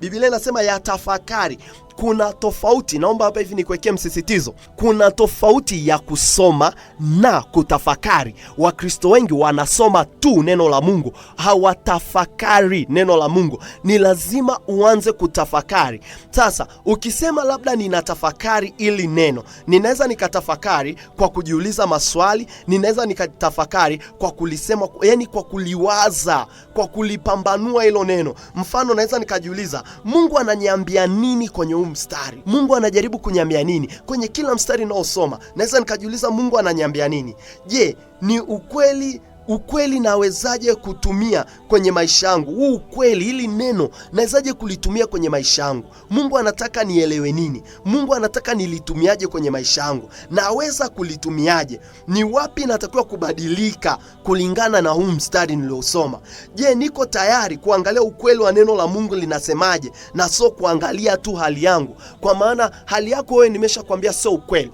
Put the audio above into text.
Biblia inasema yatafakari kuna tofauti, naomba hapa hivi nikuwekee msisitizo, kuna tofauti ya kusoma na kutafakari. Wakristo wengi wanasoma tu neno la Mungu, hawatafakari neno la Mungu. Ni lazima uanze kutafakari. Sasa ukisema labda ninatafakari ili neno, ninaweza nikatafakari kwa kujiuliza maswali, ninaweza nikatafakari kwa kulisema, yani kwa kuliwaza, kwa kulipambanua hilo neno. Mfano, naweza nikajiuliza Mungu ananiambia nini kwenye mstari Mungu anajaribu kunyambia nini? Kwenye kila mstari unaosoma naweza nikajiuliza Mungu ananyambia nini? Je, ni ukweli ukweli nawezaje kutumia kwenye maisha yangu? Huu ukweli, hili neno nawezaje kulitumia kwenye maisha yangu? Mungu anataka nielewe nini? Mungu anataka nilitumiaje kwenye maisha yangu? Naweza kulitumiaje? Ni wapi natakiwa kubadilika kulingana na huu mstari niliosoma? Je, niko tayari kuangalia ukweli wa neno la Mungu linasemaje, na sio kuangalia tu hali yangu? Kwa maana hali yako wewe nimeshakwambia sio ukweli.